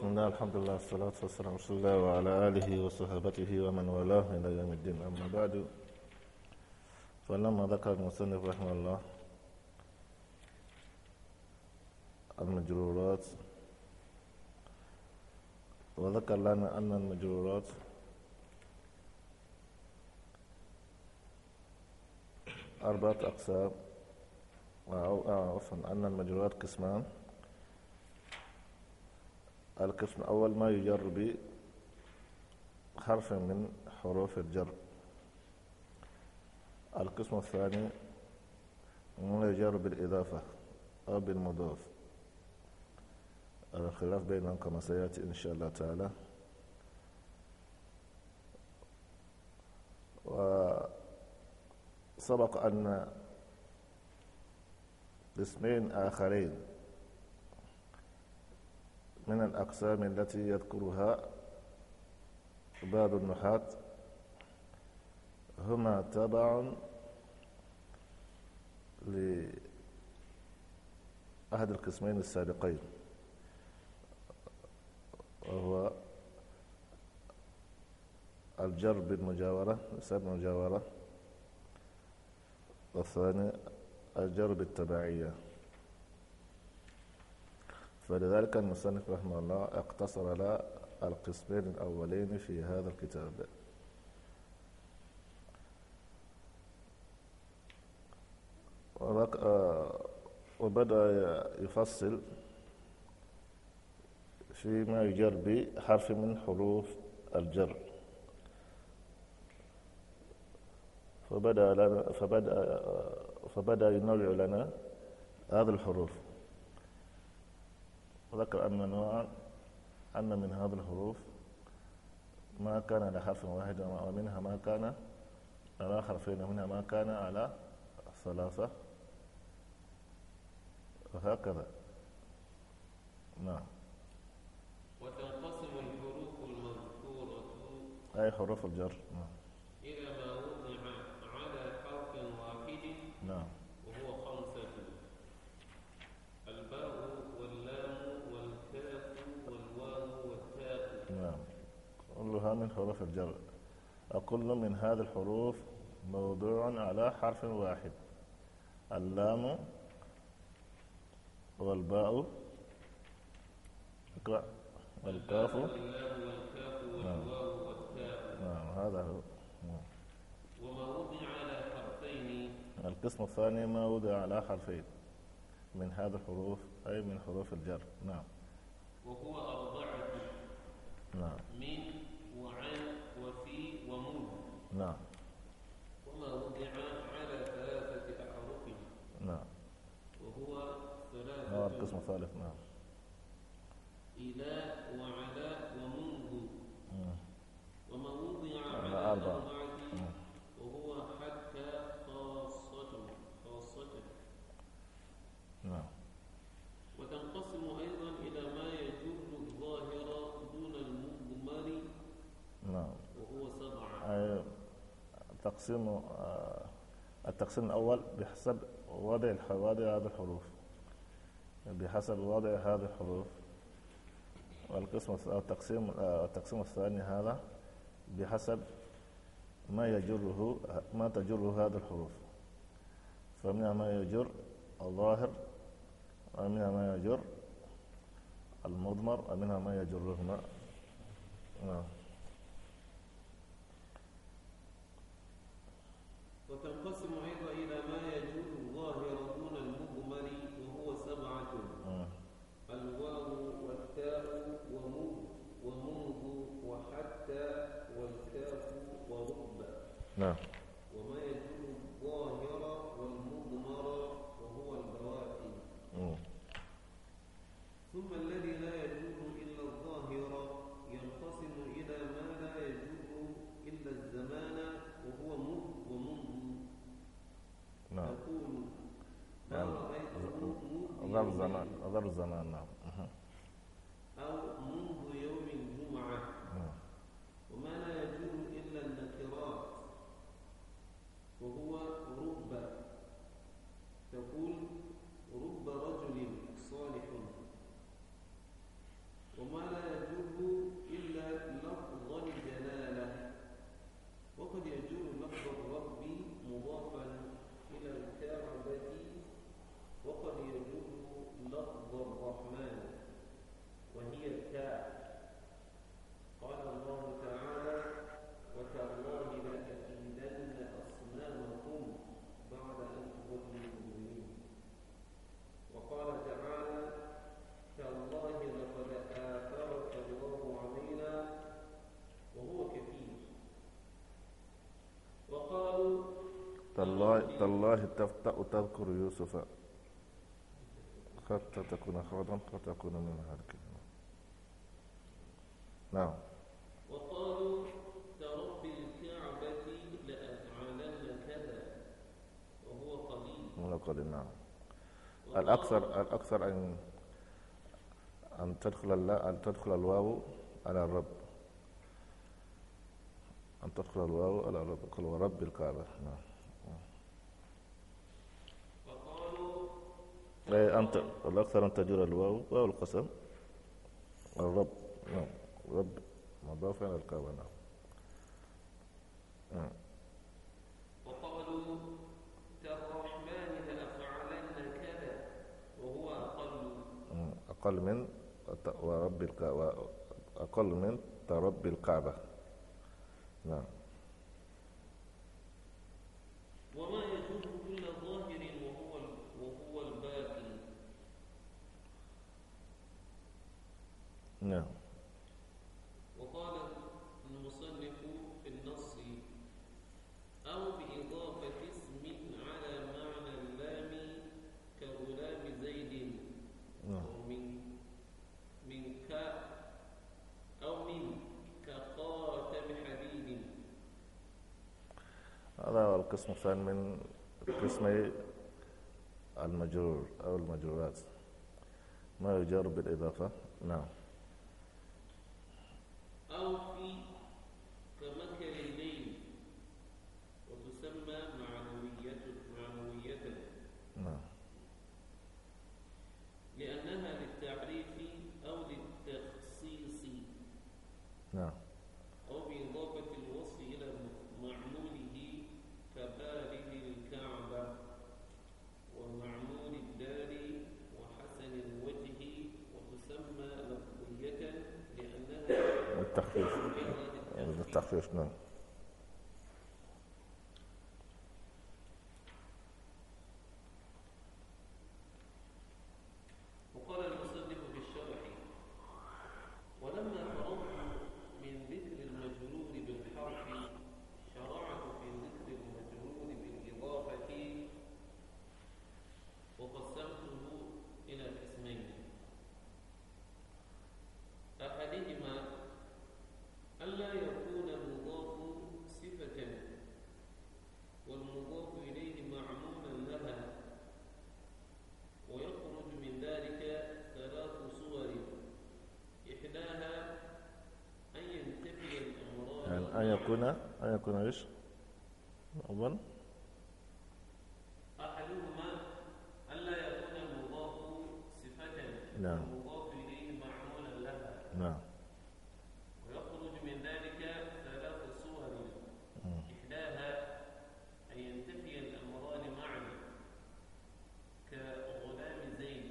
بسم الله الحمد لله والصلاة والسلام على الله وعلى آله وصحبته ومن والاه إلى يوم الدين أما بعد فلما ذكر المصنف رحمه الله المجرورات وذكر لنا أن المجرورات أربعة أقسام أو عفوا أن المجرورات قسمان القسم الأول ما يجر بحرف من حروف الجر القسم الثاني ما يجر بالإضافة أو بالمضاف الخلاف بينهم كما سيأتي إن شاء الله تعالى وسبق أن قسمين آخرين من الأقسام التي يذكرها بعض النحاة هما تبع لأحد القسمين السابقين وهو الجر بالمجاورة نسب المجاورة والثاني الجر بالتبعية فلذلك المصنف رحمه الله اقتصر على القسمين الأولين في هذا الكتاب آه، وبدأ يفصل فيما يجر بحرف من حروف الجر فبدأ لنا فبدأ آه، فبدأ ينوع لنا هذه الحروف وذكر أن نوع أن من هذه الحروف ما كان على حرف واحد ومنها ما كان على حرفين ومنها ما كان على ثلاثة وهكذا نعم وتنقسم الحروف المذكورة أي حروف الجر نعم إلى ما وضع على حرف واحد نعم كلها من حروف الجر وكل من هذه الحروف موضوع على حرف واحد اللام والباء والكاف نعم. نعم هذا هو نعم. وما وضع على حرفين القسم الثاني ما وضع على حرفين من هذا الحروف أي من حروف الجر نعم وهو أربعة نعم من نعم وما وضع على ثلاثة أحرف نعم وهو ثلاثة نعم القسم الثالث نعم إلى وعلى ومنذ وما وضع على أربعة التقسيم آه، التقسيم الأول بحسب وضع وضع هذه الحروف بحسب وضع هذه الحروف والقسم التقسيم آه، التقسيم الثاني هذا بحسب ما يجره ما تجره هذه الحروف فمنها ما يجر الظاهر ومنها ما يجر المضمر ومنها ما يجرهما Рамзана на تالله تفتأ تذكر يوسف حتى تكون خوضا حتى تكون من هلك نعم وقالوا ترب الكعبة لأفعلن كذا وهو قليل قليل نعم الأكثر الأكثر أن أن تدخل الله أن تدخل الواو على الرب أن تدخل الواو على الرب قل ورب الكعبة نعم أن الأكثر أن تجر الواو واو القسم الرب نعم رب مضاف إلى الكعبة نعم آه. وقالوا كالرحمن لأفعلن كذا وهو أقل آه، أقل من ورب الكعبة أقل من ترب الكعبة نعم وما نعم وقال المصنف في النص أو بإضافة اسم على معنى اللام كغلام زيد نعم من من ك أو من كخاتم حديد هذا هو القسم الثاني من قسم المجرور أو المجرورات ما يجر بالإضافة نعم Paulo Krishna يكون أن يكون إيش أولا أحدهما ألا يكون المضاف صفة نعم المضاف إليه معمولا لها نعم ويخرج من ذلك ثلاث صور إحداها أن ينتفي الأمران معا كغلام زيد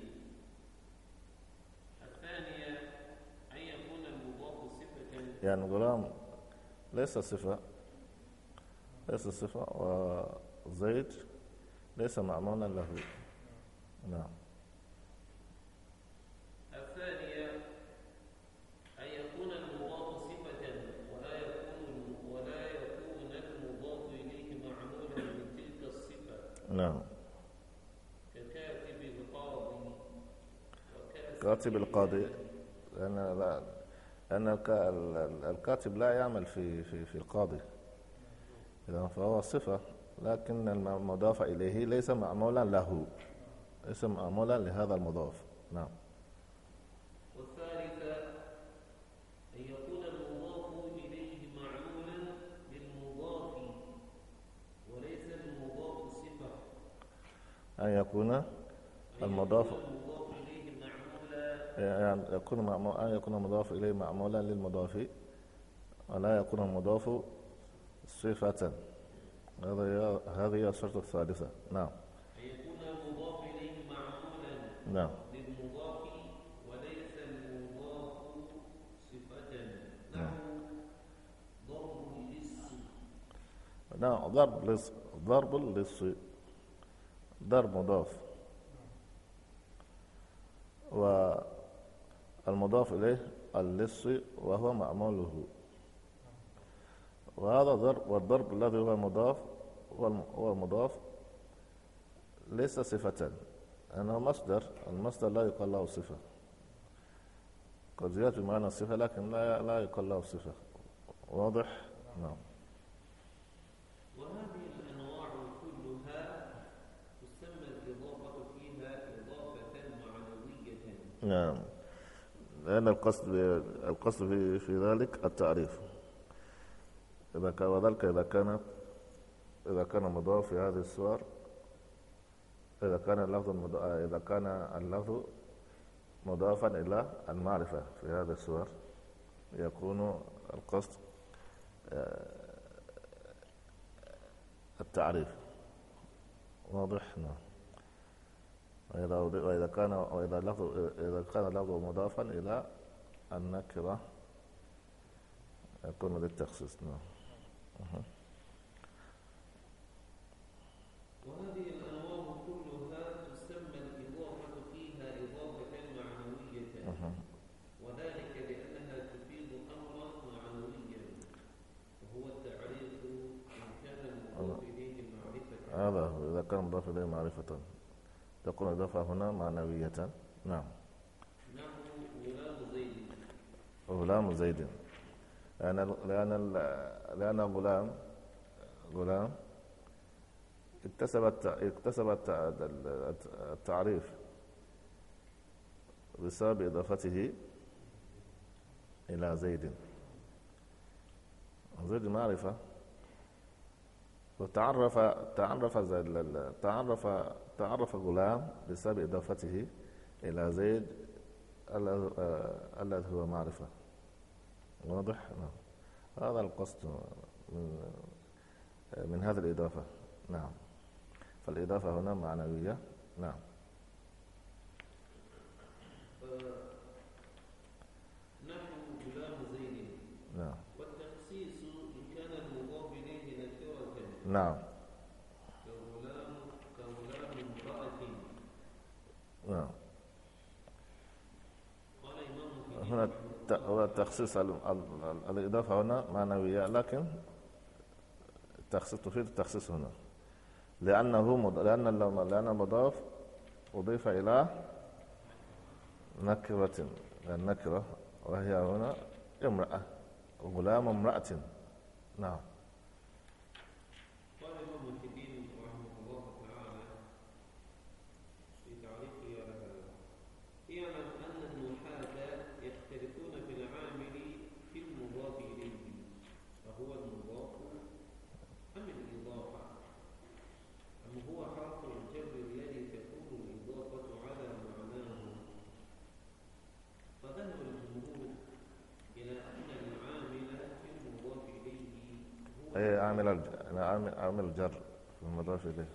الثانية أن يكون المضاف صفة يعني غلام ليس صفة ليس صفة وزيد ليس معمولا له نعم الثانية أن يكون المضاف صفة ولا يكون ولا يكون المضاف إليه معمولا بتلك الصفة نعم ككاتب القاضي كاتب القاضي لأن لا أن الكاتب لا يعمل في في في القاضي إذا فهو صفة لكن المضاف إليه ليس معمولا له ليس معمولا لهذا المضاف نعم والثالثة أن يكون المضاف إليه معمولا وليس صفة أن يكون المضاف يعني يكون أن يكون المضاف إليه معمولا للمضاف ولا يكون المضاف صفة هذه هذه الشرط الثالثة نعم أن يكون المضاف إليه معمولا نعم للمضاف وليس المضاف صفة نعم ضرب للص نعم ضرب لص ضرب للص ضرب مضاف و المضاف إليه اللص وهو معموله وهذا ضرب والضرب الذي هو المضاف هو المضاف ليس صفة أنه مصدر المصدر لا يقال له صفة قد يأتي بمعنى الصفة لكن لا لا يقال له صفة واضح؟ نعم وهذه الأنواع كلها تسمى الإضافة فيها إضافة معنوية نعم لأن القصد القصد في, في ذلك التعريف إذا كان وذلك إذا كان إذا كان مضاف في هذه الصور إذا كان اللفظ إذا كان اللفظ مضافا إلى المعرفة في هذه الصور يكون القصد آه، التعريف واضح نعم وإذا وإذا كان وإذا لفظ إذا كان لفظ مضافا إلى النكرة يكون للتخصيص نعم. وهذه الأنواع كلها تسمى الإضافة فيها إضافة معنوية وذلك لأنها تفيد أمرا معنويا وهو التعريف إليه معرفة هذا إذا كان مضاف إليه معرفة تكون الإضافة هنا معنوية نعم غلام زيد لأن لأن لأن غلام غلام اكتسب اكتسب التعريف بسبب إضافته إلى زيد زيد معرفة وتعرف تعرف تعرف تعرف غلام بسبب إضافته إلى زيد الذي آه، هو معرفة واضح؟ نعم هذا القصد من, من هذه الإضافة نعم فالإضافة هنا معنوية نعم آه، نعم كغلام كغلام امرأة نعم هنا هنا تخصيص الإضافة هنا معنوية لكن تخصيص تفيد التخصيص هنا لأنه لأن لأن المضاف أضيف إلى نكرة النكرة وهي هنا امرأة غلام امرأة نعم ايه اعمل انا اعمل اعمل جر في المضاف اليه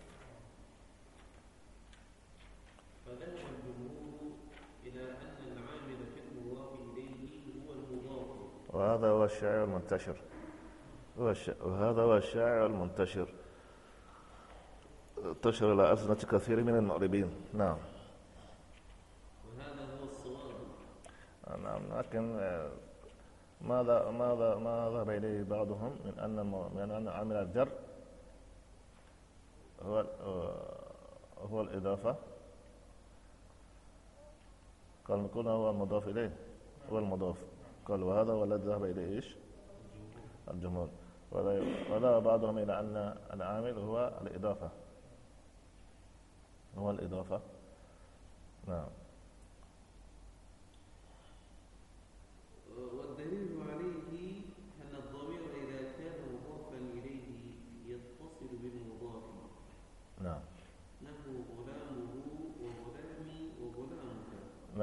فذهب الجمهور الى ان العامل في هو المضاف وهذا هو الشاعر المنتشر وهذا هو الشاعر المنتشر انتشر الى ألسنة كثير من المغربين نعم وهذا هو الصواب نعم لكن آه، ماذا ماذا ما ذهب اليه بعضهم من ان من ان عامل الجر هو آه، هو الاضافه قال نقول هو المضاف اليه هو المضاف قال وهذا هو الذي ذهب اليه ايش؟ الجمهور وذهب بعضهم الى ان العامل هو الاضافه هو الاضافه نعم آه،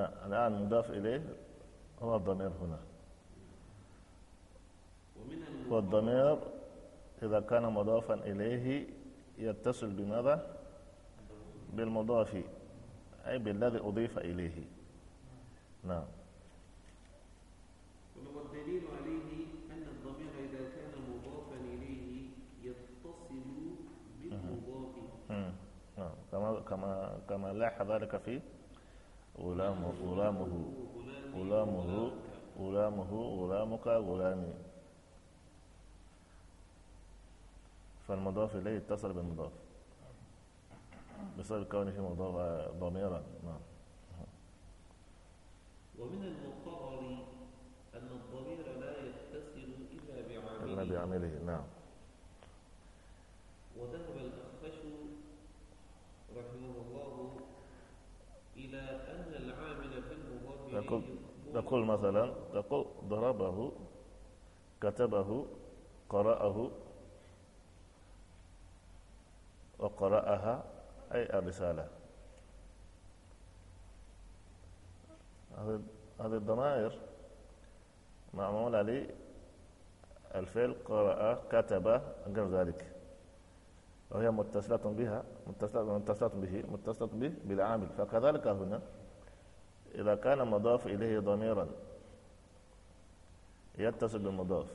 الآن مضاف إليه هو الضمير هنا والضمير إذا كان مضافا إليه يتصل بماذا بالمضاف أي بالذي أضيف إليه نعم والدليل عليه أن الضمير إذا كان مضافا إليه يتصل بالمضاف نعم كما كما كما لاحظ ذلك في غلامه غلامه غلامه غلامه غلامك غلامي فالمضاف إليه اتصل بالمضاف بسبب كونه في مضاف آه، ضميرا نعم ومن المقرر أن الضمير لا يتصل إلا بعمله إلا بعمله نعم وده تقول مثلا تقول ضربه كتبه قرأه وقرأها أي الرسالة هذه الضمائر معمول علي الفعل قرأ كتب غير ذلك وهي متصلة بها متصلة متصلة به متصلة به بالعامل فكذلك هنا إذا كان مضاف إليه ضميرا يتصل بالمضاف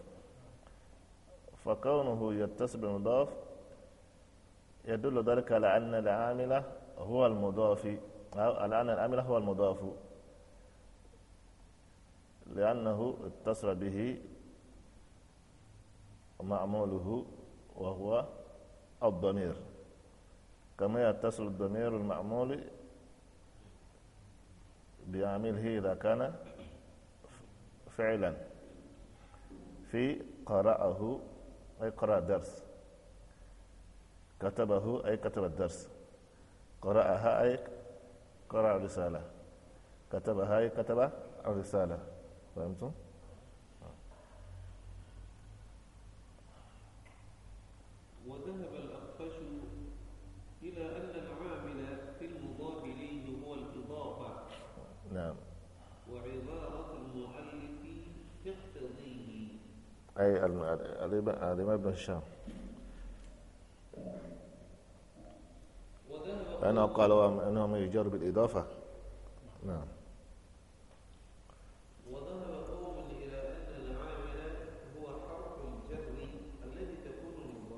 فكونه يتصل بالمضاف يدل ذلك على أن العامل هو المضاف أو على أن العامل هو المضاف لأنه اتصل به معموله وهو الضمير كما يتصل الضمير المعمول بعمله إذا كان فعلا في قرأه أي قرأ درس كتبه أي كتب الدرس قرأها أي قرأ رسالة كتبها أي كتب الرسالة فهمتم؟ أي الإمام بن هشام أنا قال أنهم يجار بالإضافة نعم وذهب قوم إلى أن العامل هو حرف الذي تكون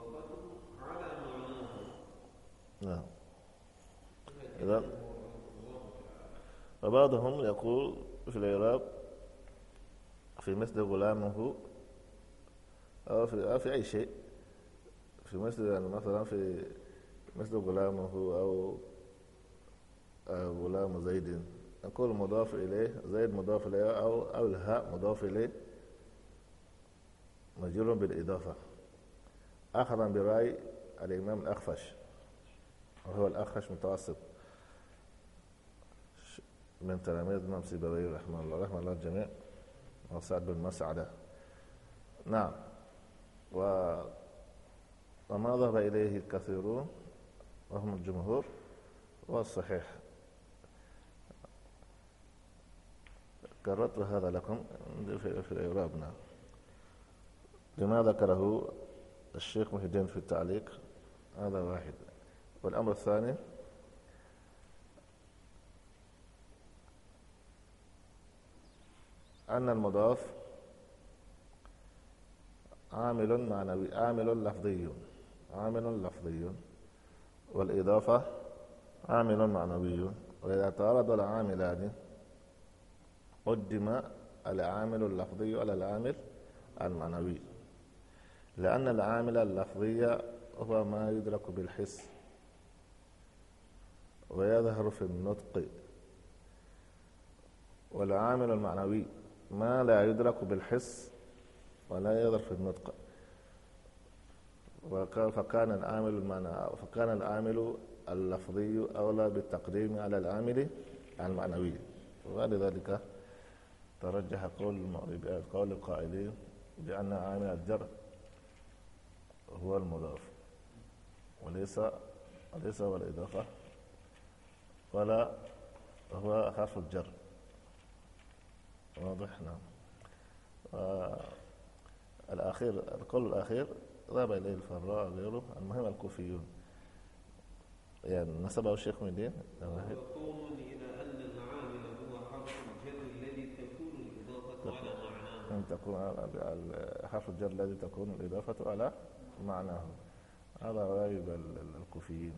على معناه نعم إذا وبعضهم يقول في العراق في مثل غلامه في, في أي شيء في مصر يعني مثلا في مثل غلام هو أو غلام زيد نقول مضاف إليه زيد مضاف إليه أو أو الهاء مضاف إليه مجرور بالإضافة أخذا برأي الإمام الأخفش وهو الأخفش متوسط من تلاميذ الإمام سيبويه رحمه الله رحمه الله الجميع وسعد بن مسعدة نعم وما ذهب إليه الكثيرون وهم الجمهور والصحيح كررت هذا لكم في إعرابنا لما ذكره الشيخ محي الدين في التعليق هذا واحد والأمر الثاني أن المضاف عامل معنوي عامل لفظي عامل لفظي والإضافة عامل معنوي وإذا تعارض العاملان قدم العامل اللفظي على العامل المعنوي لأن العامل اللفظي هو ما يدرك بالحس ويظهر في النطق والعامل المعنوي ما لا يدرك بالحس ولا يظهر في النطق فكان العامل المعنى فكان العامل اللفظي أولى بالتقديم على العامل المعنوي ولذلك ترجح قول قول القائلين بأن عامل الجر هو المضاف وليس وليس هو الإضافة ولا هو حرف الجر واضح نعم الأخير القول الأخير ذهب إليه الفراء غيره المهم الكوفيون يعني نسبه الشيخ من الدين إلى يعني أن العامل هو حرف الجر الذي تكون الإضافة على معناه تكون حرف الجر الذي تكون الإضافة على معناه هذا غايب الكوفيين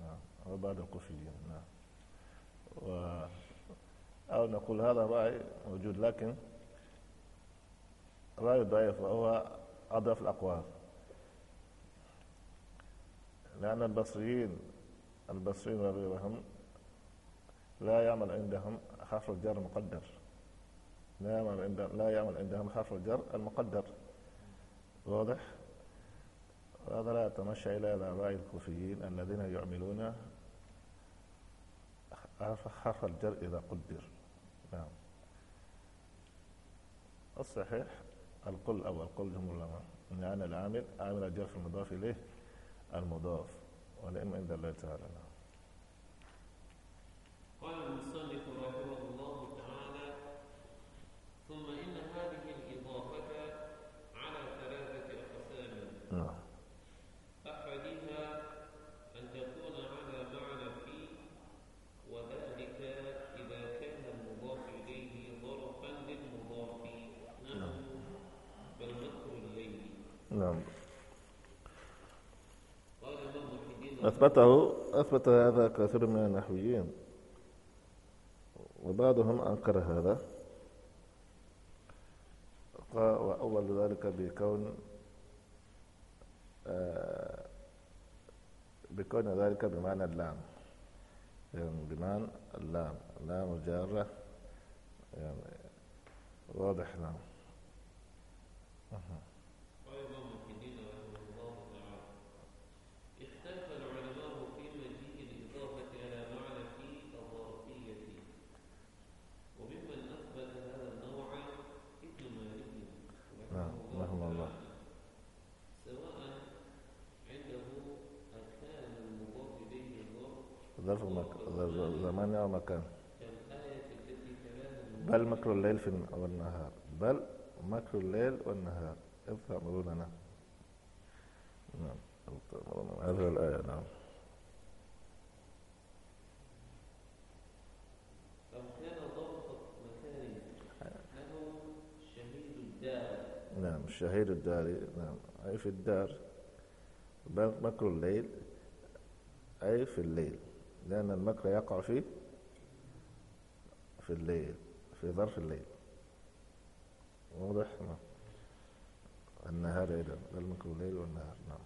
نعم بعض الكوفيين نعم و أو نقول هذا رأي موجود لكن رأي ضعيف وهو أضعف الأقوال لأن البصريين البصريين وغيرهم لا يعمل عندهم حرف الجر المقدر لا يعمل عندهم لا يعمل عندهم حرف الجر المقدر واضح وهذا لا يتمشى إلى رأي الكوفيين الذين يعملون حرف الجر إذا قدر نعم الصحيح القل الأول القل جمهور العلماء إن يعني أنا العامل عامل الجرف المضاف إليه المضاف والعلم عند الله تعالى قال المصنف رحمه الله تعالى ثم إن هذه الإضافة على ثلاثة أقسام نعم أثبته أثبت هذا كثير من النحويين وبعضهم أنكر هذا وأول ذلك بكون آه، بكون ذلك بمعنى اللام يعني بمعنى اللام اللام الجارة يعني واضح نعم ظرف زمان أو مكان بل مكر الليل في والنهار بل مكر الليل والنهار إذ تأمروننا نعم هذه الآية نعم نعم الشهيد الداري نعم أي في الدار بل مكر الليل أي في الليل لأن المكر يقع في في الليل في ظرف الليل واضح نعم النهار أيضا المكر الليل والنهار نعم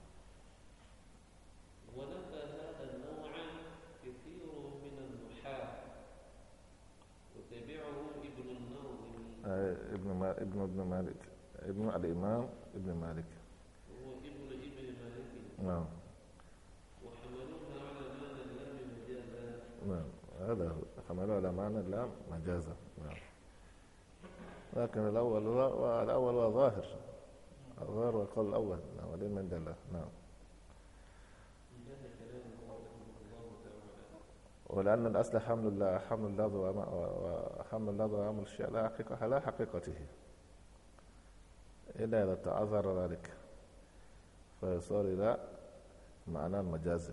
ونفى هذا النوع كثير من النحاة وتبعه ابن النووي آه، ابن ما ابن ابن مالك ابن الإمام ابن مالك هو ابن ابن مالك نعم نعم هذا هو حملوه على معنى اللام مجازا نعم لكن الأول الأول هو ظاهر الظاهر والقول الأول نعم ولين من دلة نعم ولأن الأصل حمل الله حمل الله وحمل الله وعمل الشيء لا حقيقة على حقيقته إلا إذا تعذر ذلك فيصير إلى معنى المجازي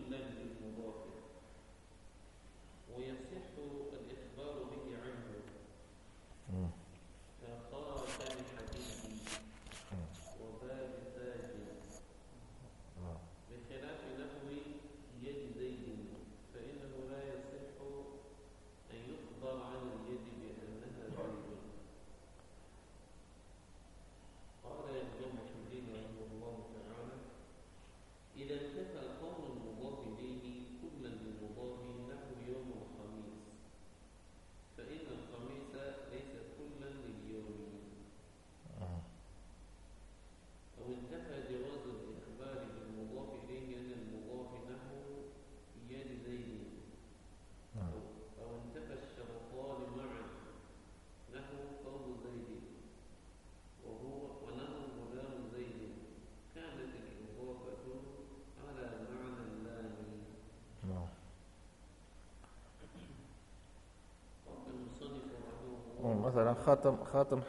مثلا خاتم خاتم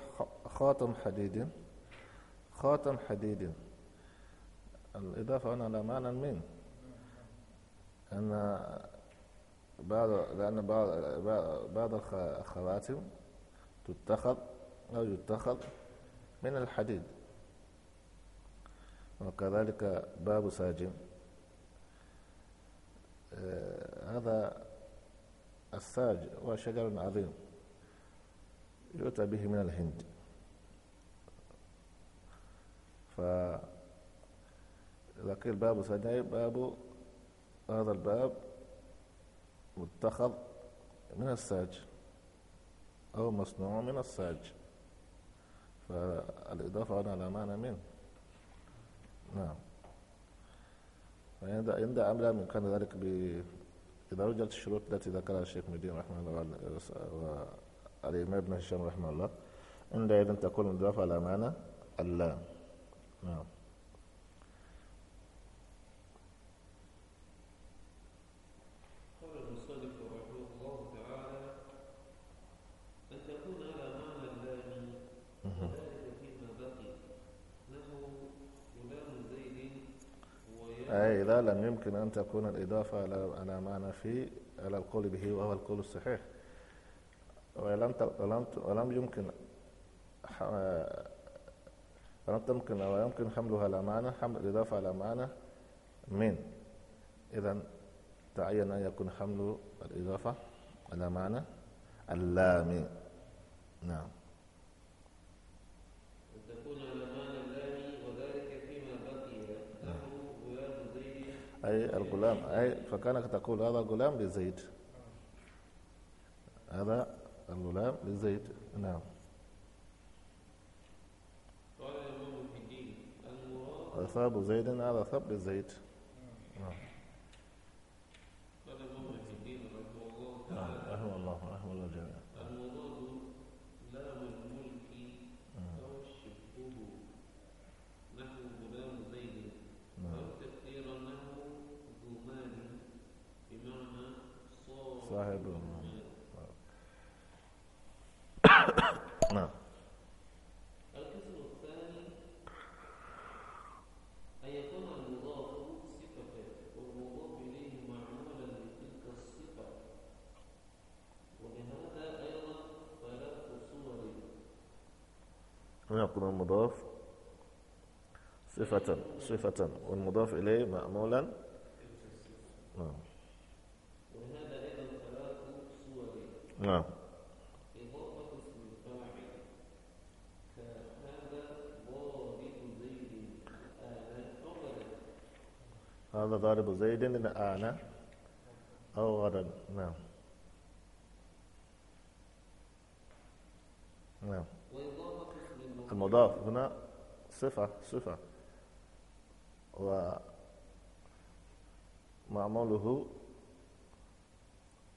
خاتم حديد خاتم حديد الإضافة هنا لا معنى من أن بعض لأن بعض بعض الخواتم تتخذ أو يتخذ من الحديد وكذلك باب ساجن آه، هذا الساج هو شجر عظيم يؤتى به من الهند ف لكن باب ثنائي باب هذا الباب متخذ من الساج أو مصنوع من الساج فالإضافة هنا على معنى من نعم فعند عند عمل من كان ذلك ب إذا وجدت الشروط التي ذكرها الشيخ مدين رحمه الله الإمام ابن هشام رحمه الله عندئذ تكون الإضافة على معنى اللام نعم أي لم يمكن أن تكون الإضافة على على معنى في على القول به وهو القول الصحيح ولم ولم ولم يمكن ولم تمكن ويمكن حملها على معنى حمل الإضافة على معنى من إذا تعين أن يكون حمل الإضافة نعم. على معنى اللام نعم أي الغلام أي فكانك تقول هذا غلام لزيد هذا قال له لا لزيد نعم قال الإمام الدين المراد أثاب زيد على ثبت الزيت نعم هنا ويعقد المضاف صفة صفة والمضاف إليه مأمولا نعم وهذا أيضا ثلاث صور نعم هذا ضارب زيد الآن أو غدا نعم نعم المضاف هنا صفة صفة ومعموله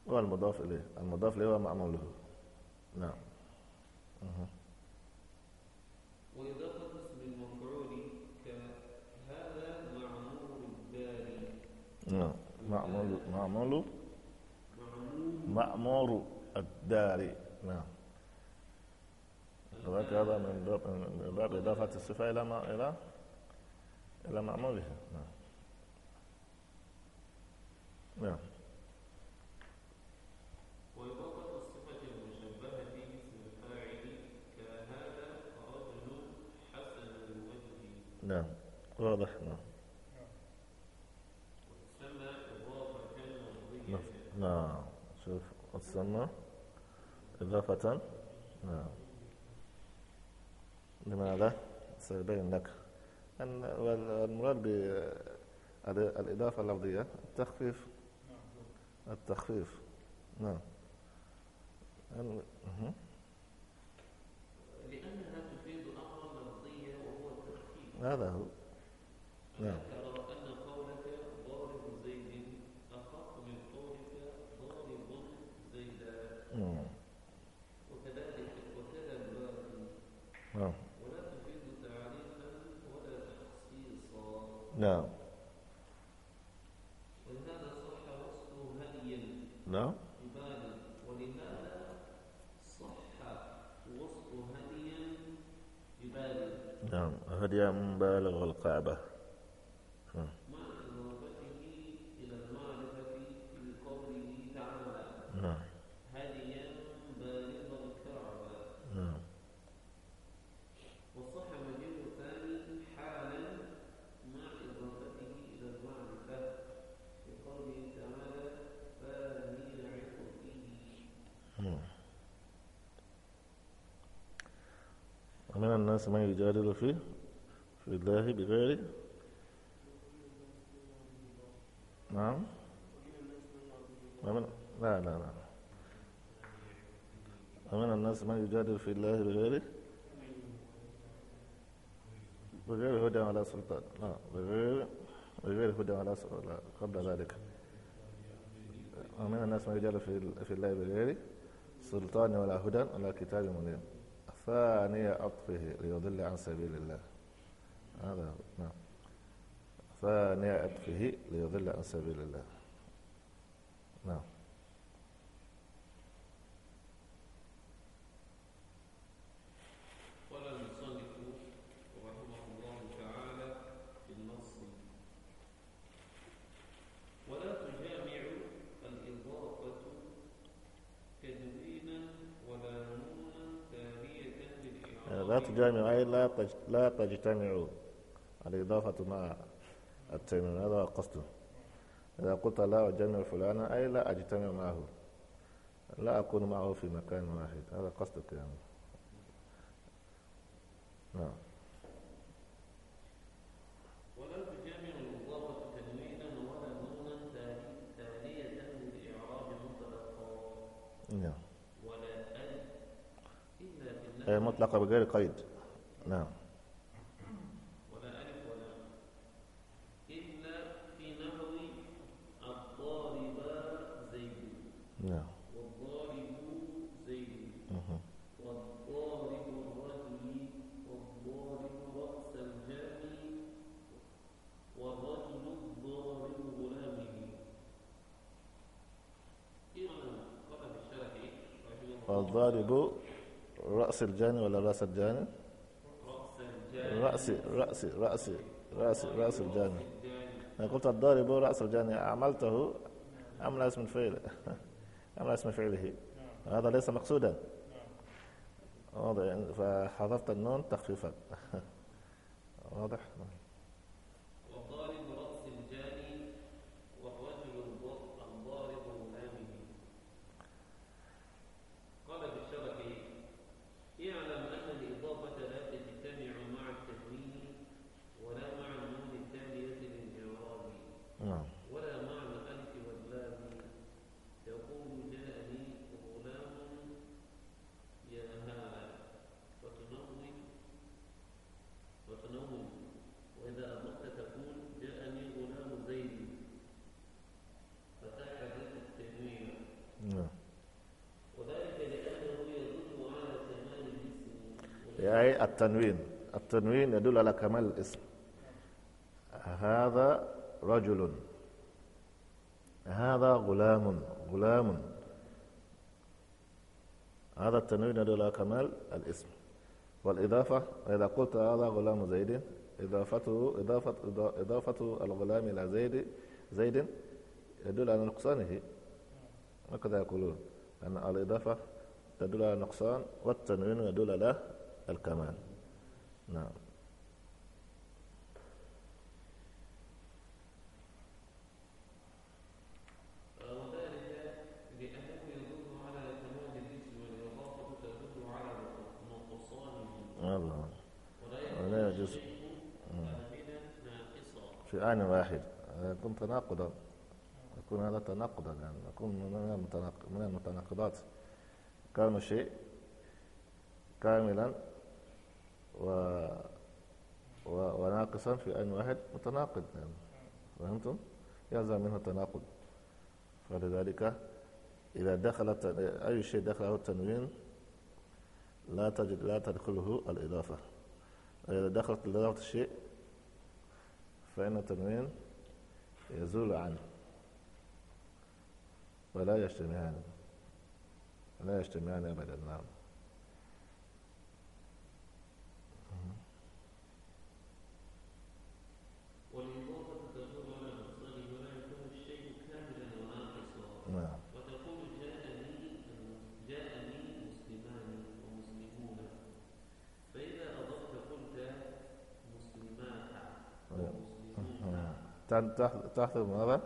هو المضاف إليه المضاف إليه هو معموله نعم وإضافة اسم المفعول كهذا معمول الباري نعم معمول معمول معمول الدار نعم ولكن هذا من باب إضافة الصفة إلى ما إلى إلى مأمورها نعم نعم وإضافة الصفة المشبهة باسم الفاعل حسن الوجه نعم واضح نعم وتسمى إضافة مرضية نعم شوف وتسمى إضافة نعم لماذا؟ سيبين لك أن والمراد بالإضافة اللفظية التخفيف التخفيف نعم لأنها تفيد أمرا لفظيا وهو التخفيف هذا هو نعم No. نعم ولهذا صح وصفه هديا نعم عبادا ولهذا صح وصفه هديا عبادا نعم هديا مبالغ القعبه الناس من يجادل في في الله بغير نعم ومن لا لا لا ومن الناس من يجادل في الله بغير بغير هدى ولا سلطان لا بغير بغير هدى ولا سلطان قبل ذلك ومن الناس من يجادل في الله بغير سلطان ولا هدى ولا كتاب منير ثاني أطفه ليضل عن سبيل الله هذا نعم ثاني أطفه ليضل عن سبيل الله نعم لا لا تجتمع الإضافة مع التنوين هذا قصده إذا قلت لا أجمع فلانا أي لا أجتمع معه لا أكون معه في مكان واحد هذا قصدك يعني نعم ولا ولا تالية لإعراب مطلقا نعم ولا إلا بالله مطلقة بغير قيد نعم ولا ألف ولا إلا في نحو الضارب زيد نعم والضارب زيد والضارب والضارب رأس الجاني والرجل الضارب غلامه والضارب رأس الجاني ولا رأس الجاني؟ رأس رأس رأس رأس رأس الجاني أنا قلت الضارب رأس الجاني عملته عمل اسم الفعل عمل اسم فعله هذا ليس مقصودا واضح فحذفت النون تخفيفا واضح أي التنوين التنوين يدل على كمال الاسم هذا رجل هذا غلام غلام هذا التنوين يدل على كمال الاسم والإضافة إذا قلت هذا غلام زيد إضافته إضافة إضافة الغلام إلى زيد زيد يدل على نقصانه هكذا يقولون أن الإضافة تدل على نقصان والتنوين يدل على الكمال نعم الله ولا يجوز في آن واحد يكون تناقضا يكون هذا تناقضا يعني يكون من المتناقضات كان شيء كاملا و وناقصا في أن واحد متناقض نعم. فهمتم؟ يلزم منه التناقض فلذلك إذا دخل أي شيء دخله التنوين لا تجد لا تدخله الإضافة إذا دخلت الإضافة الشيء فإن التنوين يزول عنه ولا يجتمعان لا يجتمعان أبدا نعم تحذف ماذا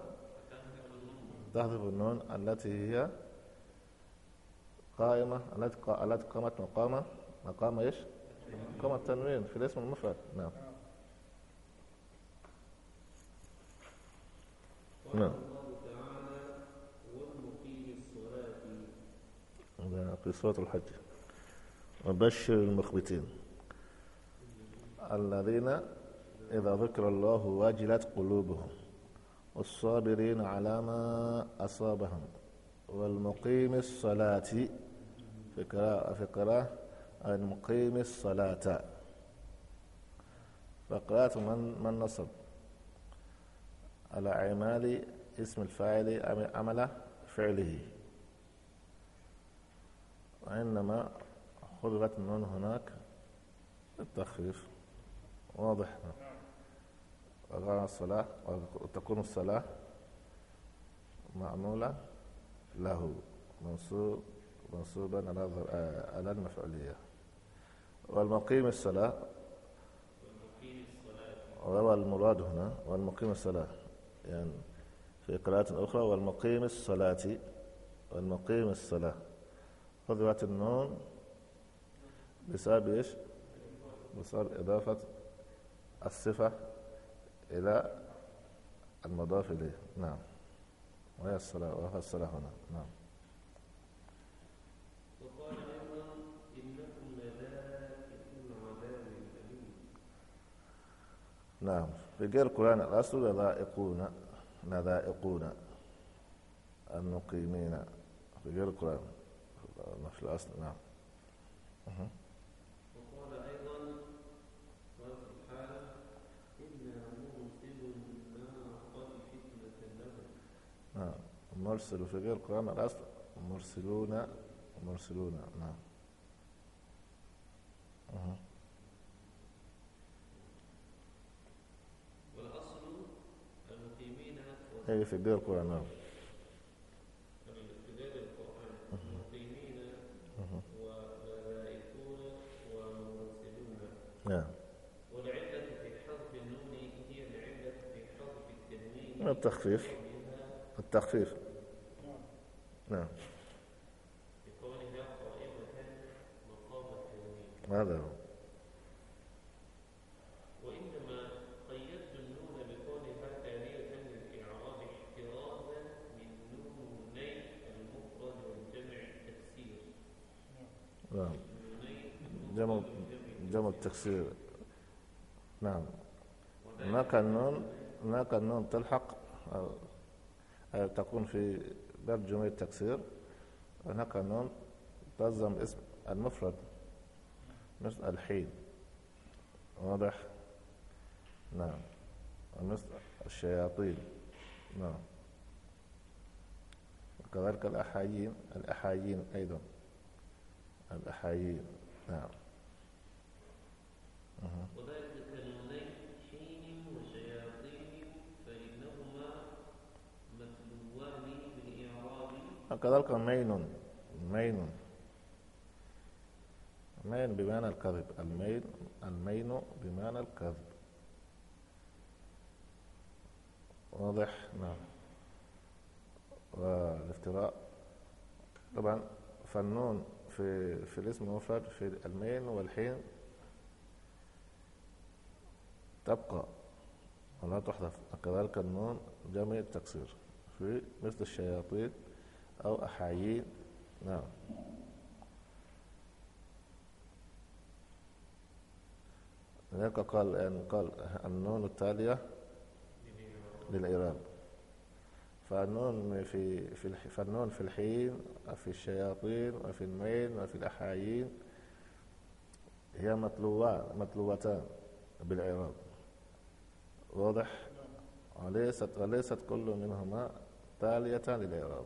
تحذف النون التي هي قائمة التي التي قامت مقام مقام ايش؟ مقام التنوين في الاسم المفرد نعم نعم في سورة الحج وبشر المخبتين الذين إذا ذكر الله وجلت قلوبهم والصابرين على ما أصابهم والمقيم الصلاة فكرة فكرة المقيم الصلاة فقرات من من نصب على أعمال اسم الفاعل عمل فعله وإنما خذت من هناك التخفيف واضح وغرى الصلاة وتكون الصلاة مأمولة له منصوب منصوبا على آه، على المفعولية والمقيم الصلاة وهو المراد هنا والمقيم الصلاة يعني في قراءة أخرى والمقيم الصلاة والمقيم الصلاة حذفت النون بسبب ايش؟ بسبب إضافة الصفة إلى المضاف إليه نعم وهي الصلاة وهي الصلاة هنا نعم وقال أيضا إنكم نعم في غير القرآن الأصل لذائقون لذائقون المقيمين في غير القرآن في الأصل نعم مرسل في غير القرآن الأصل مرسلون مرسلون نعم أه. والأصل المقيمين أي في غير القرآن نعم نعم والعلة في حذف النون هي العلة في حذف التنوين التخفيف التخفيف نعم نعم هذا هو وإنما قيدت النون بقولها ثانية للإعراب احترازا من نوني المفرد والجمع التكسير. نعم. جمع جمع التكسير. نعم. هناك النون هناك النون تلحق تكون في باب جمع التكسير هناك نون تلزم اسم المفرد مثل الحين واضح نعم مثل الشياطين نعم وكذلك الأحايين الأحايين أيضا الأحايين نعم وذلك وكذلك مين مين مين بمعنى الكذب المين المين بمعنى الكذب واضح نعم والافتراء طبعا فنون في في الاسم المفرد في المين والحين تبقى ولا تحذف كذلك النون جميع التكسير في مثل الشياطين أو أحايين نعم هناك قال الآن قال النون التالية للإعراب فالنون في في فالنون في الحين وفي الشياطين وفي المين وفي الأحايين هي مطلوبة مطلوبتان بالإعراب واضح وليست وليست كل منهما تالية للإعراب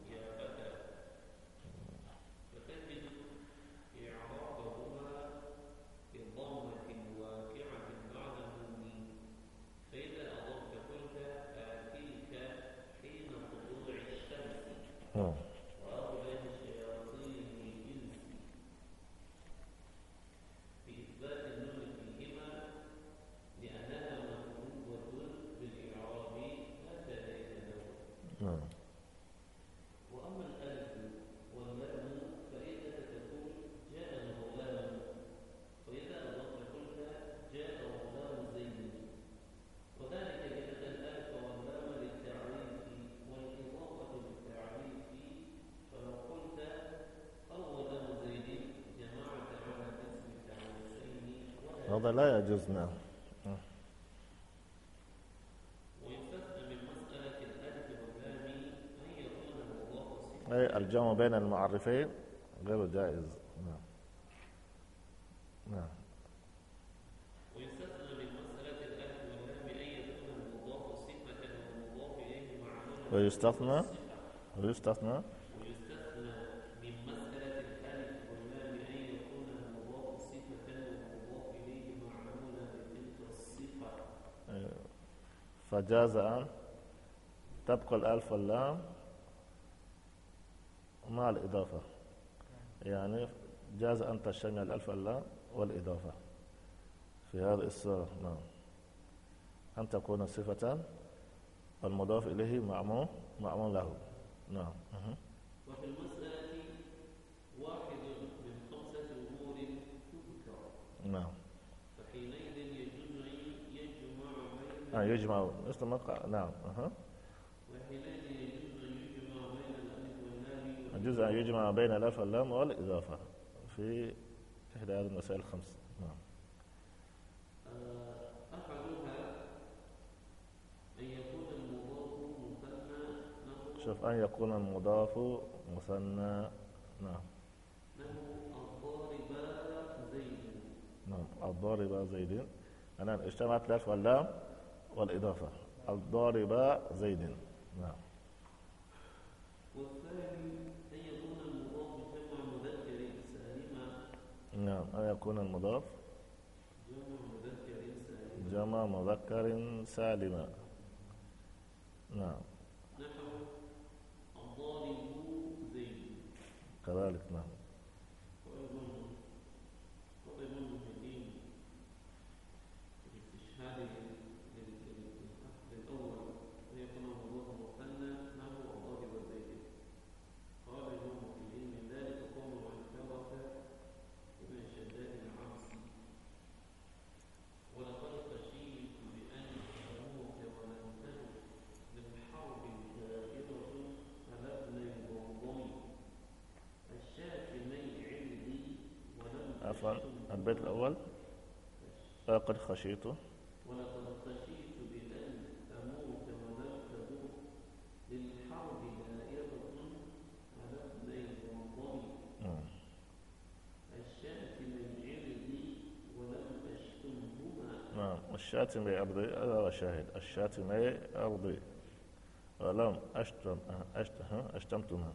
هذا لا يجوز نعم أي الجمع بين المعرفين غير جائز نعم نعم ويستثنى ويستثنى فجاز أن تبقى الألف واللام مع الإضافة يعني جاز أن تشمل الألف واللام والإضافة في هذه الصورة نعم أن تكون صفة والمضاف إليه معمول معمول له نعم وفي المسألة واحد من خمسة أمور تذكر نعم آه يجمع يطلق نعم أها جزء يجمع بين الألف واللام والإضافة في إحدى هذه المسائل الخمس نعم شوف أن يكون المضاف مثنى نعم الضاربة زيد نعم الضاربة زيد أنا اجتمعت الألف واللام والإضافة الضارب زيد نعم والثاني أن يكون المضاف جمع مذكر سالما نعم أن يكون المضاف جمع مذكر سالما نعم نحو الضارب زيد كذلك نعم ولقد خشيت ولقد خشيت بأن أموت وبلغه للحرب دائرة على ابني وضمي الشاة للعرض ولم أشتمهما نعم والشاة عرضي هذا شاهد الشاة عرضي ولم أشتم أشتمتمها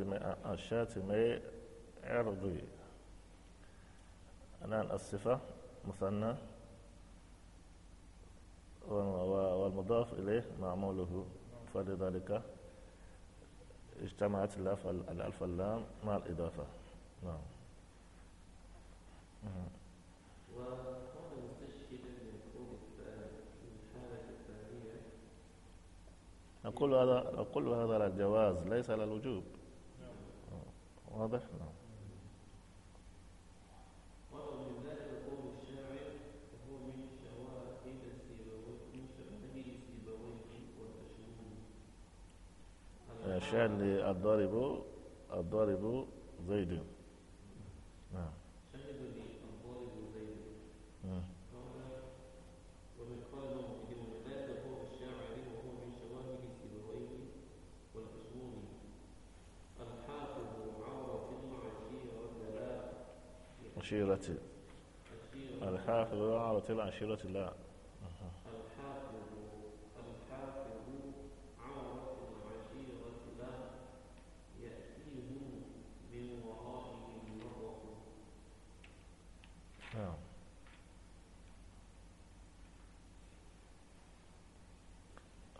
إيه، الشاتم إيه، عرضي الآن الصفة مثنى والمضاف إليه معموله فلذلك اجتمعت الألف الألف اللام مع الإضافة نعم أقول هذا أقول هذا على ليس على الوجوب واضح نعم شعر الضارب الضارب زيد نعم العشيرة الحافظ على العشيرة لا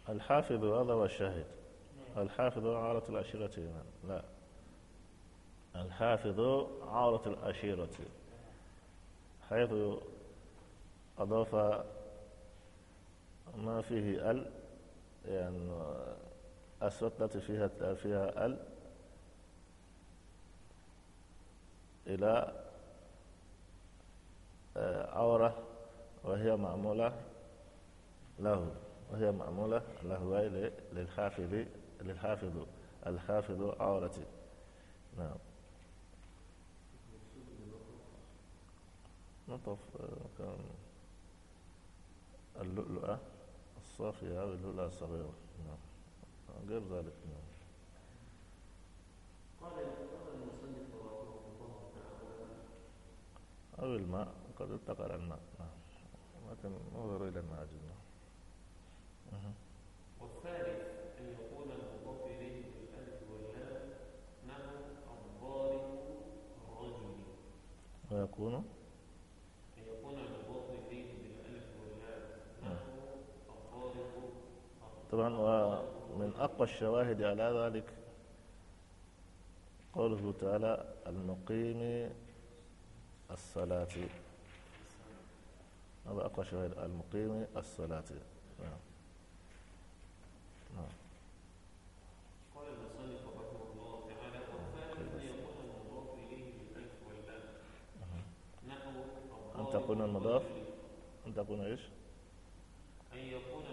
الحافظ هذا هو الشاهد نعم. الحافظ عارة العشيرة لا الحافظ عورة الأشيرة حيث أضاف ما فيه ال يعني أسود التي فيها فيها ال إلى آه، عورة وهي معمولة له وهي معمولة له أي للحافظ للحافظ الحافظ عورتي نعم نطف آه، كان اللؤلؤة الصافية هذه اللؤلؤة الصغيرة نعم غير ذلك نعم قال المصنف رحمه الله تعالى أو الماء قد انتقل الماء نعم لكن نظر إلى المعاجم نعم والثالث أن يكون المضاف إليه بالألف واللام نحو نعم، الضارب الرجل ويكون طبعا ومن أقوى الشواهد على ذلك قوله تعالى المقيم الصلاة هذا أقوى شواهد المقيم الصلاة نعم نعم قال رحمه الله تعالى المضاف إليه بالألف أن تكون المضاف أن تكون إيش؟ أن يكون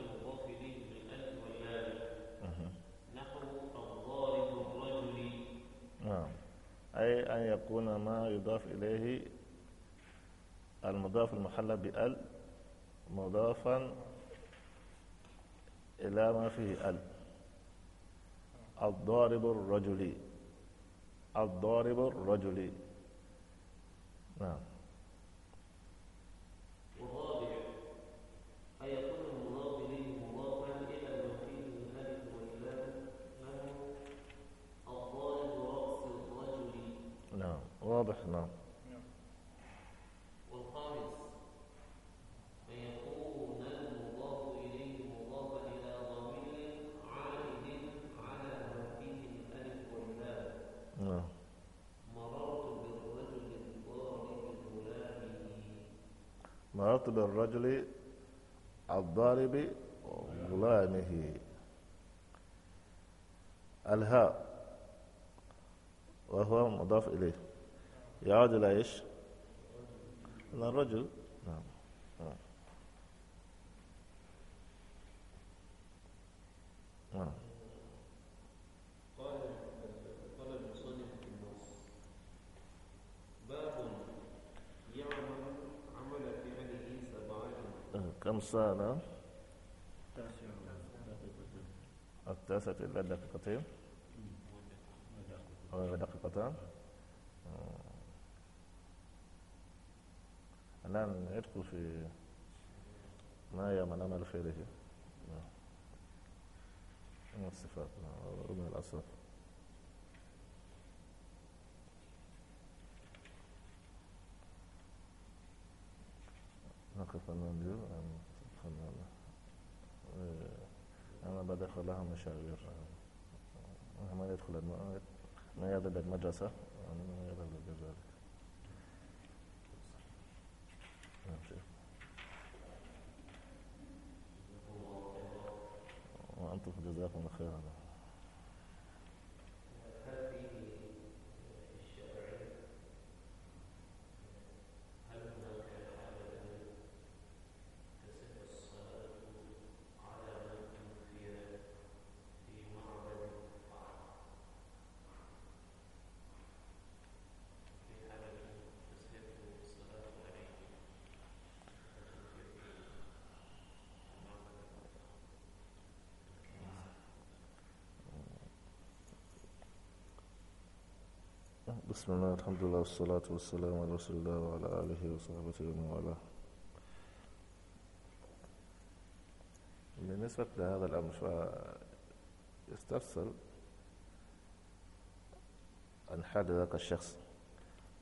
أي أن يكون ما يضاف إليه المضاف المحلى بأل مضافا إلى ما فيه أل الضارب الرجلي الضارب الرجلي نعم واضح نعم والخامس إليه إلى ضمير على نعم مررت بالرجل الضارب غلامه مررت بالرجل الضارب غلامه الهاء وهو مضاف إليه يعود إلى إيش إلى الرجل نعم, نعم. نعم. كم ساعة الآن؟ التاسعة إلا دقيقتين دقيقتان nan نعم، ندخل في ما يمن عمل خيره من نعم. الصفات ومن نعم. الأسرف نقف المنزل أه، أنا بدخل لها مشاوير أه، ما يدخل ما يذهب المدرسة תכף אזרח מלך. بسم الله الحمد لله والصلاة والسلام على رسول الله وعلى آله وصحبه ومن والاه بالنسبة لهذا الأمر استفسر عن حال ذاك الشخص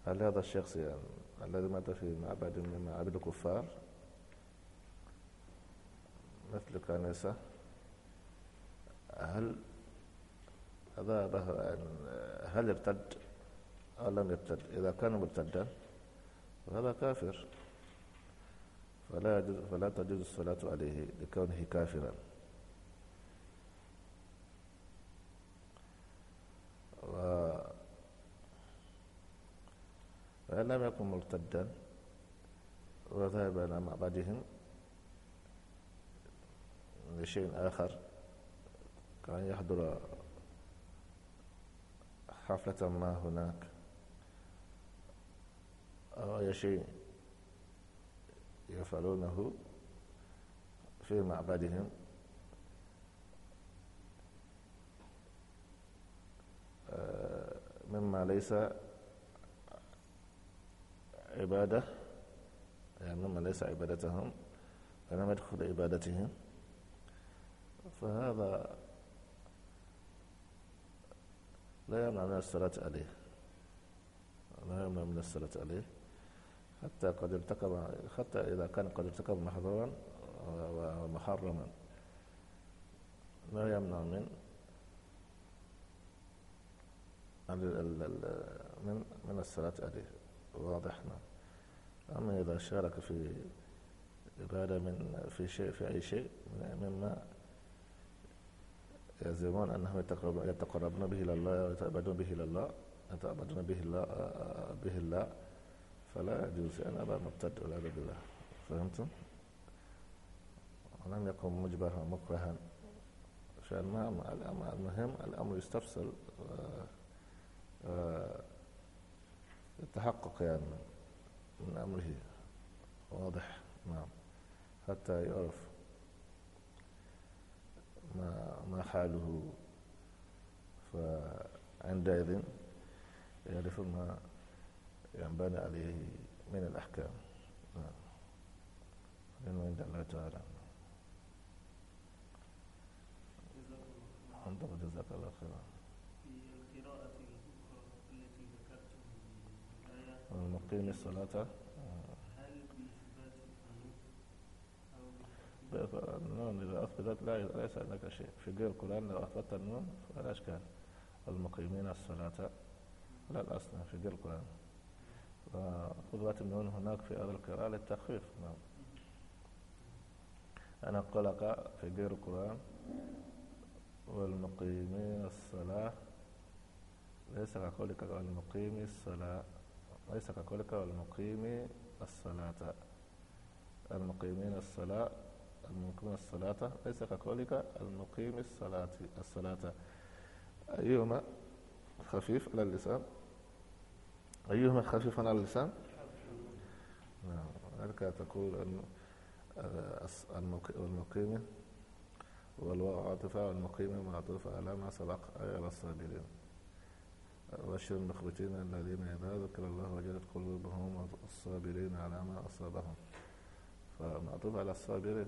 هل هذا الشخص يعني الذي مات في معبد من معابد الكفار مثل كنيسة هل هذا يعني هل ارتد آه، لم يرتد إذا كان مرتدا فهذا كافر فلا فلا تجوز الصلاة عليه لكونه كافرا و وإن لم يكن مرتدا وذهب إلى معبدهم لشيء آخر كان يحضر حفلة ما هناك وهي شيء يفعلونه في معبدهم آه، مما ليس عبادة يعني مما ليس عبادتهم فلم يدخل عبادتهم فهذا لا يمنع من الصلاة عليه لا يمنع من الصلاة عليه حتى قد ارتكب حتى إذا كان قد ارتكب محظورا ومحرما لا يمنع من من من الصلاة عليه واضح نعم أما إذا شارك في عبادة من في شيء في أي شيء مما يزعمون أنهم يتقربون به إلى الله ويتعبدون به إلى الله يتعبدون به الله به الله فلا يجوز أنا لا مبتدع والعياذ بالله فهمتم؟ ولم يقم مجبرا مكرها شيئا ما المهم الأمر يستفسر آه، آه، التحقق يعني من أمره واضح نعم حتى يعرف ما ما حاله فعندئذ يعرف ما ينبنى عليه من الأحكام لأنه نعم. عند الله تعالى عندك جزاك الله خيرا في القراءة التي ذكرتم المقيم الصلاة النون إذا أثبتت لا ليس لك شيء في غير القرآن لو أثبت النون فلا إشكال المقيمين الصلاة لا الأصل في غير القرآن وخذ النون هناك في هذا القراءة للتخفيف نعم أنا قلق في غير القرآن والمقيمين الصلاة ليس كقولك والمقيم الصلاة ليس كقولك والمقيم الصلاة المقيمين الصلاة المقيمين الصلاة ليس كقولك المقيم الصلاة الصلاة أيهما خفيف على اللسان أيهما خفيفا على اللسان نعم ذلك تقول المقيم والواو عاطفة والمقيمة معطوفة على ما سبق أي على الصابرين بشر المخبتين الذين إذا ذكر الله وجلت قلوبهم الصابرين على ما أصابهم فمعطوف على الصابرين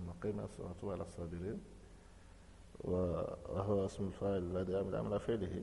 المقيمة معطوف على الصابرين وهو اسم الفاعل الذي عمل عمل فعله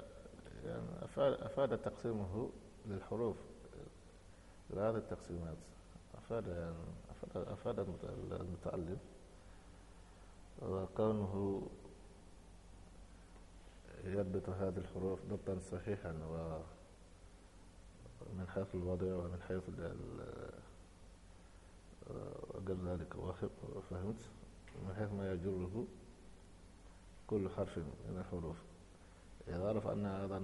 أفاد, أفاد تقسيمه للحروف لهذه التقسيمات يعني، أفاد أفاد, أفاد المتعلم وكونه يضبط هذه الحروف ضبطا صحيحا ومن حيث الوضع ومن حيث وقبل ذلك وفهمت من حيث ما يجره كل حرف من الحروف يعرف أن هذا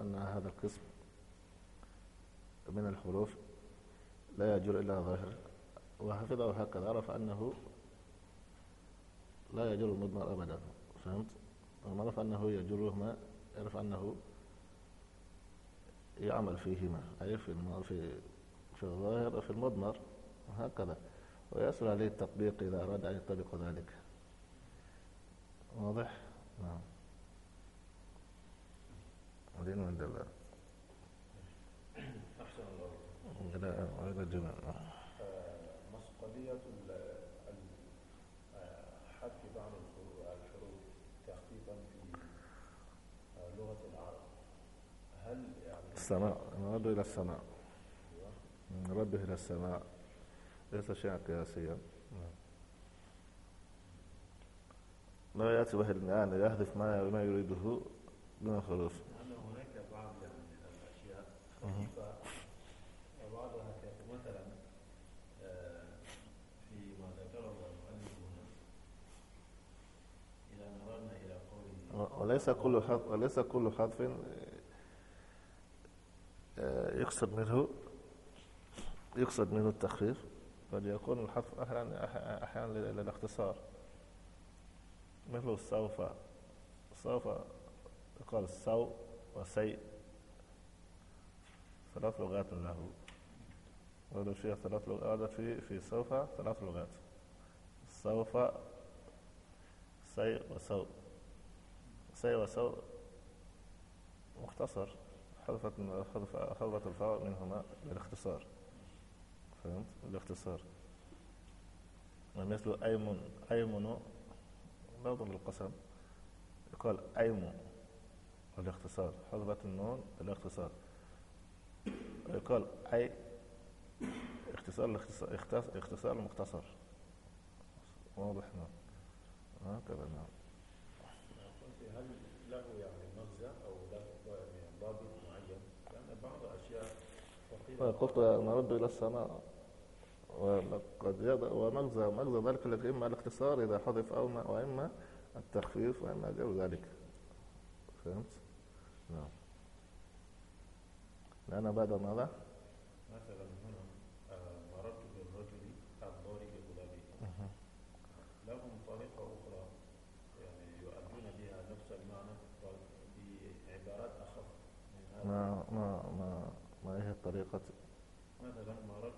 أن هذا القسم من الحروف لا يجر إلا ظاهر وحفظه هكذا عرف أنه لا يجر المضمر أبدا فهمت؟ عرف أنه يجرهما يعرف أنه يعمل فيهما أي في في في الظاهر في المضمر وهكذا ويسهل عليه التطبيق إذا أراد أن يطبق ذلك واضح؟ نعم دين من دلال أحسن الله لا غير الجمال مسؤولية الحد عن الحروف تحقيقا في لغة العرب هل يعني السماء نرد إلى السماء أيوة. نرد إلى السماء ليس شيئا قياسيا نعم. لا يأتي به الآن يهدف ما يريده من خلوص وبعضها مثلا فيما ذكره المؤلف هنا إذا نظرنا إلى قوله وليس كل حذف وليس كل حذف آه، آه، يقصد منه يقصد منه التخفيف قد يكون الحذف أحيانا أحيانا للاختصار مثل سوف سوف يقال سو وسيء ثلاث لغات له ولو فيها ثلاث لغات هذا في في سوف ثلاث لغات سوف سي وسو سي وسو مختصر حذفت حذف حذفت الفاء منهما للاختصار فهمت للاختصار مثل أيمن أيمن لا يضم القسم يقال ايمو للاختصار حذفت النون للاختصار قال أي اختصار اختصار المختصر واضح نعم هكذا آه، نعم هل له آه، يعني مغزى او له يعني ضابط معين؟ لان بعض الاشياء قلت نرد الى السماء وقد ومغزى مغزى ذلك لك اما الاختصار اذا حذف او واما التخفيف واما غير ذلك فهمت؟ نعم أنا بعد ماذا؟ مثلا هنا آه، مررت بالرجل الضارب غلابه لهم طريقة أخرى يعني يؤدون بها نفس المعنى بعبارات أخف ما ما ما ما هي الطريقة؟ مثلا مررت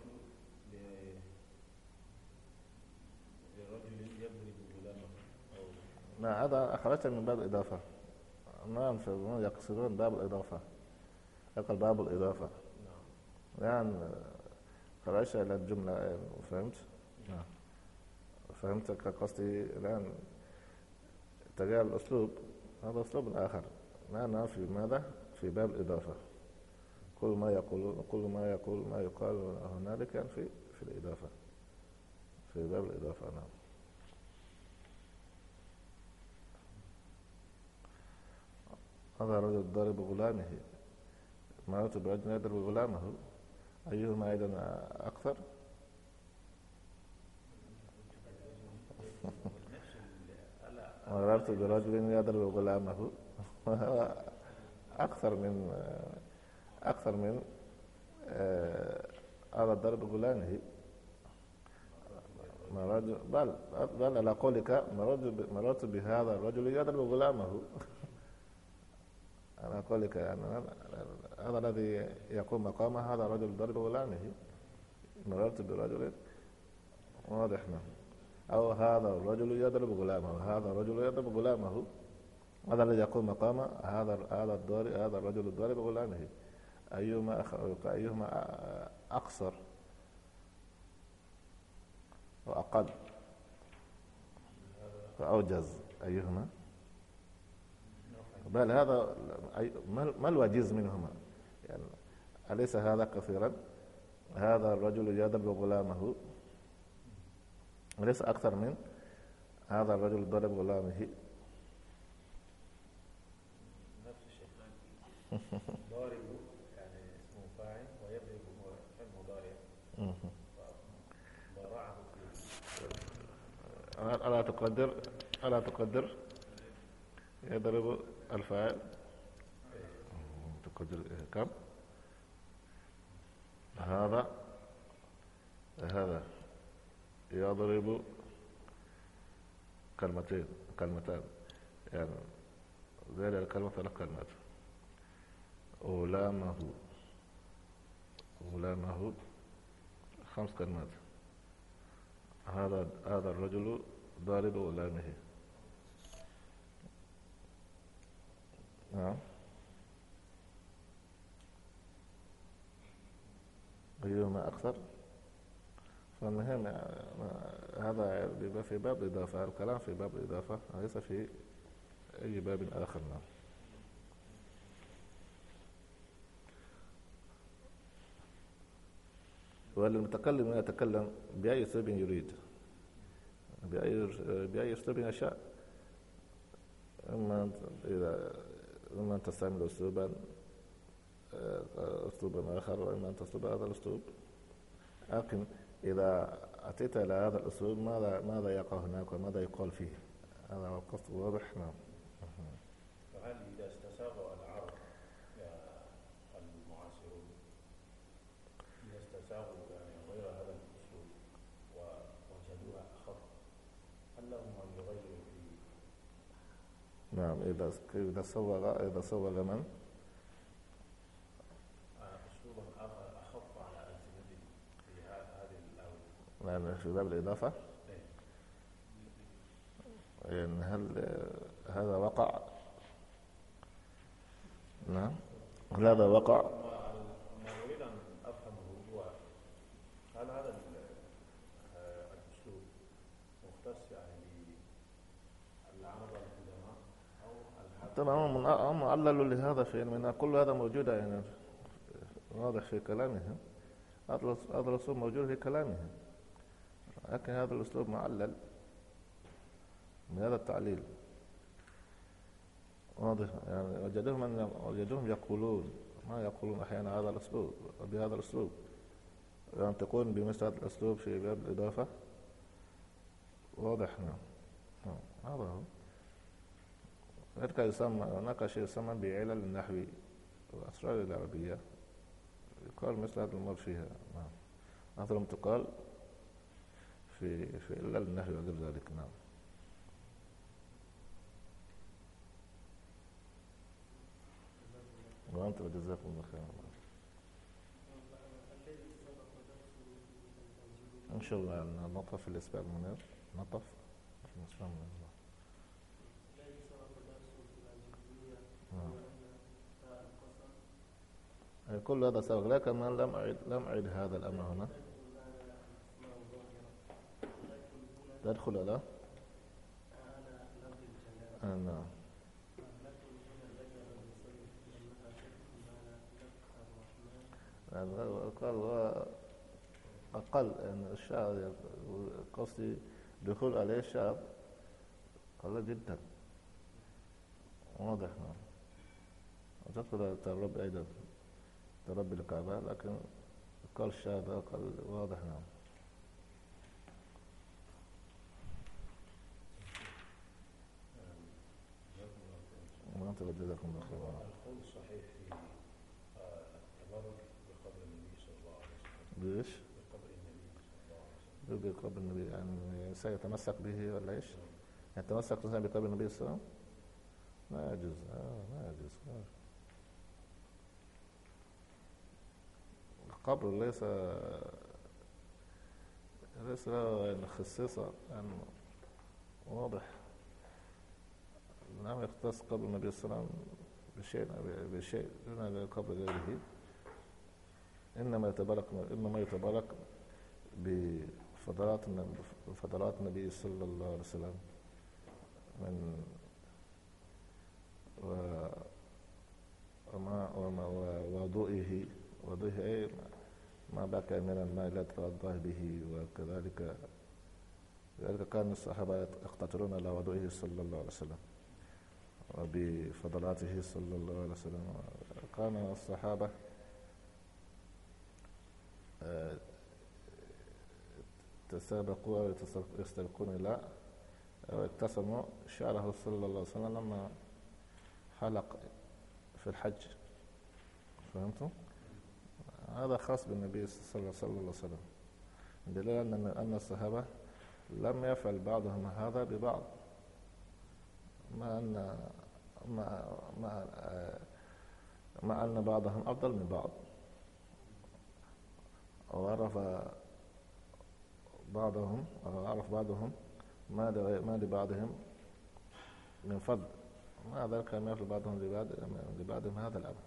برجل يضرب غلامه أو ما هذا أخرجت من باب الإضافة ما يقصدون باب الإضافة يقل باب الإضافة نعم يعني خرجت إلى الجملة فهمت؟ نعم فهمتك قصدي الآن تجاه الأسلوب هذا أسلوب آخر معنا في ماذا؟ في باب الإضافة كل ما يقول كل ما يقول ما يقال هنالك يعني في في الإضافة في باب الإضافة نعم هذا رجل ضرب غلامه مرته بعد نادر وغلامه أيهما أيضا أكثر مررت برجل يضرب غلامه أكثر من أكثر من أرى آه، ضرب غلامه بل بل على قولك مررت بهذا الرجل يضرب غلامه على قولك يعني هذا الذي يقوم مقامه هذا رجل ضربه لعنه مررت برجل واضح نعم أو هذا الرجل يضرب غلامه هذا الرجل يضرب غلامه هذا الذي يقوم مقامه هذا هذا هذا الرجل الضارب غلامه أيهما أخ... أيهما أقصر وأقل وأوجز أيهما بل هذا ما الوجيز منهما أليس هذا كثيرا هذا الرجل يضرب غلامه أليس أكثر من هذا الرجل ضرب غلامه نفس ضارب يعني اسمه فاعل ويضرب ألا تقدر ألا تقدر يضرب الفاعل إيه. تقدر كم؟ هذا هذا يضرب كلمتين كلمتان يعني زي الكلمة ثلاث كلمات غلامه غلامه خمس كلمات هذا هذا الرجل ضارب غلامه نعم ما أكثر فالمهم آه، هذا بيبقى في باب الإضافة الكلام في باب الإضافة ليس في أي باب آخر نعم وللمتكلم أن يتكلم بأي سبب يريد بأي بأي سبب يشاء إما إذا إما تستعمل أسلوبا أسلوبا آخر وإما أن تسلب هذا الأسلوب لكن إذا أتيت إلى هذا الأسلوب ماذا ماذا يقع هناك وماذا يقال فيه هذا هو القصد واضح نعم فهل إذا استساغ العرب المعاصرون إذا استساغوا يعني غير هذا الأسلوب ووجدوها أخف هل لهم أن يغيروا فيه؟ نعم إذا إذا صوغ إذا صوغ من؟ في باب الإضافة يعني هل هذا وقع نعم هل هذا وقع ما أريد أن هل هذا الأسلوب مختص يعني أو طبعا هم عللوا لهذا في علمنا كل هذا موجود يعني واضح في كلامهم هذا الرسول موجود في كلامهم لكن هذا الأسلوب معلل من هذا التعليل واضح يعني وجدهم أن وجدهم يقولون ما يقولون أحيانا هذا الأسلوب بهذا الأسلوب ينطقون يعني بمثل هذا الأسلوب في باب الإضافة واضح نعم. نعم هذا هو هناك يسمى هناك شيء يسمى بعلل النحوي وأسرار العربية يقال مثل هذا المر فيها نعم مثلا تقال في في إلا النهي وغير ذلك نعم وأنت وجزاكم الله خيرا إن شاء الله نطف الأسبوع المنير نطف في الأسبوع المنير كل هذا سبق لكن أنا لم أعد لم أعد هذا الأمر هنا ندخل ولا؟ آه نعم. نعم، انا اقل أقل ان الشعر قصدي دخول عليه الشعر قل جدا واضح نعم تدخل تربي أيضا تربي الكعبة لكن قال الشعر أقل واضح نعم رمضان تبدلكم بخير القول الصحيح في التبرك بقبر النبي صلى الله عليه وسلم يعني يعني بقبر النبي صلى الله عليه وسلم بقبر النبي يعني سيتمسك به ولا ايش؟ يتمسك الانسان بقبر النبي صلى الله عليه وسلم؟ ما يجوز آه، لا ما يجوز القبر ليس ليس له خصيصة يعني واضح نعم يختص قبر النبي صلى الله عليه وسلم بشيء بشيء دون غيره انما يتبارك انما يتبارك بفضلات فضلات النبي صلى الله عليه وسلم من وما وما وضوئه وضوئه اي ما بقى من الماء لا تتوضا به وكذلك ذلك كان الصحابه يقتطرون على وضوئه صلى الله عليه وسلم وبفضلاته صلى الله عليه وسلم قام الصحابة آه، تسابقوا يستبقون إلى واتسموا شعره صلى الله عليه وسلم لما حلق في الحج فهمتم؟ هذا خاص بالنبي صلى الله عليه وسلم دليل أن الصحابة لم يفعل بعضهم هذا ببعض ما أن مع مع مع أن بعضهم أفضل من بعض وعرف بعضهم وعرف بعضهم ما ما لبعضهم من فضل ما ذلك ما يفعل بعضهم لبعض لبعضهم هذا الأمر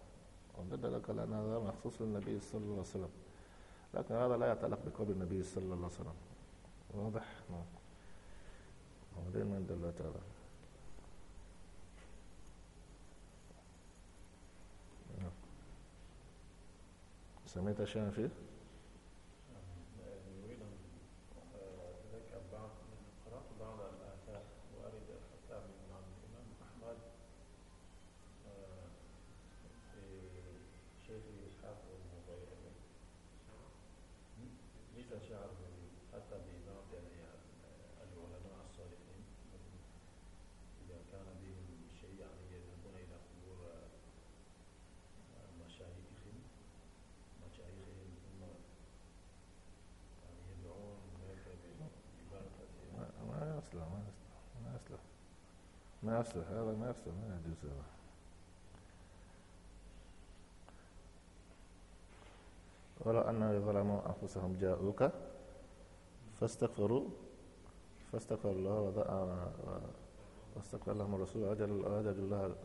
وندل لك لأن هذا مخصوص للنبي صلى الله عليه وسلم لكن هذا لا يتعلق بقول النبي صلى الله عليه وسلم واضح؟ نعم ودين من دلت هذا Você também está achando, é, filho? نفسه هذا نفسه ما يجوز سبب ولو أنهم ظلموا أنفسهم جاءوك فاستغفروا فاستغفر الله واستغفر لهم الرسول وجد الله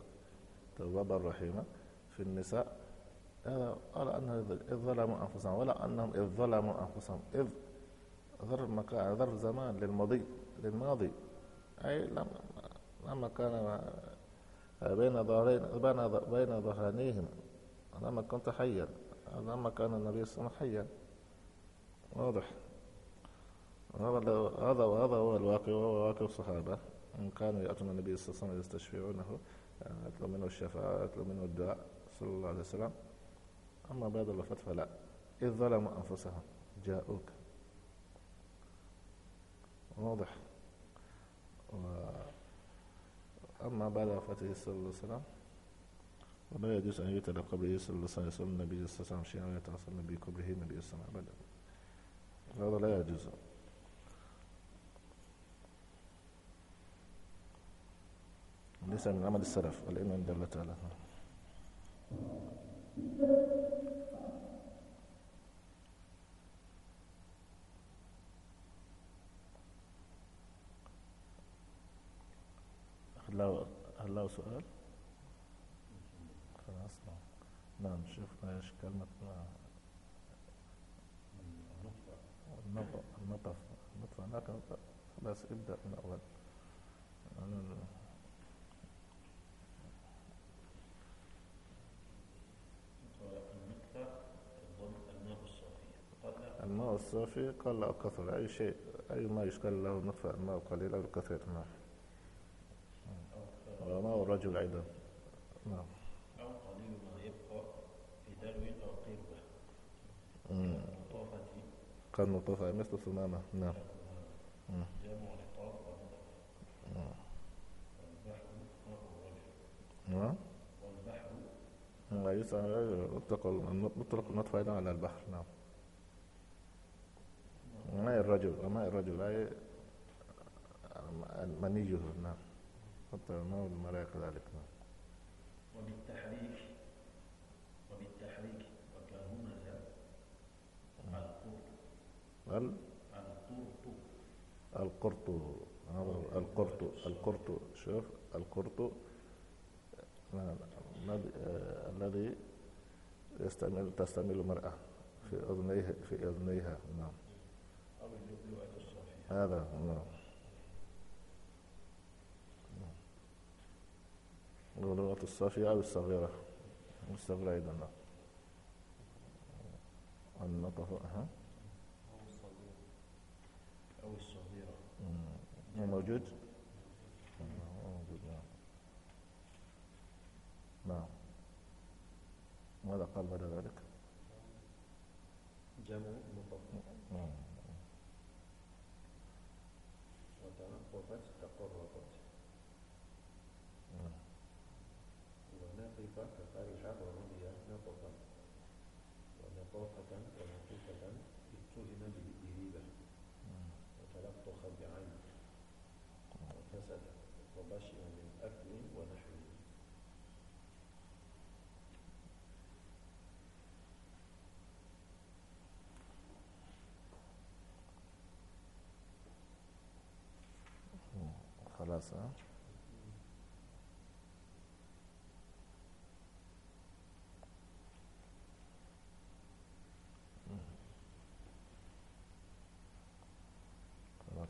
توابا رحيما في النساء ولو أنهم إذ ظلموا أنفسهم ولا أنهم إذ ظلموا أنفسهم إذ ظرف مكان ظرف زمان للماضي للماضي أي لم لما كان بين ظهرين بين ظهرانيهم لما كنت حيا لما كان النبي صلى الله عليه وسلم حيا واضح هذا وهذا هو الواقع وهو واقع الصحابة إن كانوا يأتون النبي صلى الله عليه وسلم يستشفعونه يطلب منه الشفاعة يطلب منه الدعاء صلى الله عليه وسلم أما بعد الوفاة فلا إذ ظلموا أنفسهم جاءوك واضح و... أما بعد وفاته صلى الله عليه وسلم وما يجوز أن يتلى قبره صلى الله عليه وسلم النبي صلى الله عليه وسلم شيئا النبي بقبره النبي صلى الله عليه وسلم هذا لا يجوز ليس من عمل السلف والإيمان بالله تعالى هل له هل له سؤال؟ خلاص نعم, نعم، شفنا ايش كلمة النطق النطف النطف هناك خلاص ابدأ من أول الماء الصافي قال لا كثر أي شيء أي ما يشكل له نطفة الماء قليلا أو كثير نعم العلماء والرجل أيضا نعم أو قليل ما يبقى في دلو أو قربة كالنطافة مثل ثمامة نعم جمع نطاف نعم والبحر نعم. مطلق مطلق النطف أيضا على البحر نعم, نعم. ماء الرجل ماء الرجل أي منيه نعم حتى قدرناه المرأة كذلك نعم وبالتحريك وبالتحريك وكهمزة القرط القرط القرط نعم، القرط القرط شوف القرط نعم، الذي يستعمل تستعمل المرأة في أذنيها في أذنيها نعم هذا نعم الغلغلة الصافية الصغيره الصغيره أيضا النطفه ها أو الصغيرة موجود موجود نعم ماذا قال بعد ذلك؟ جمع آه. خلاص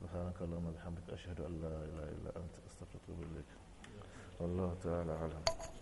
سبحانك اللهم وبحمدك أشهد أن لا إله إلا أنت أستغفرك إليك والله تعالى أعلم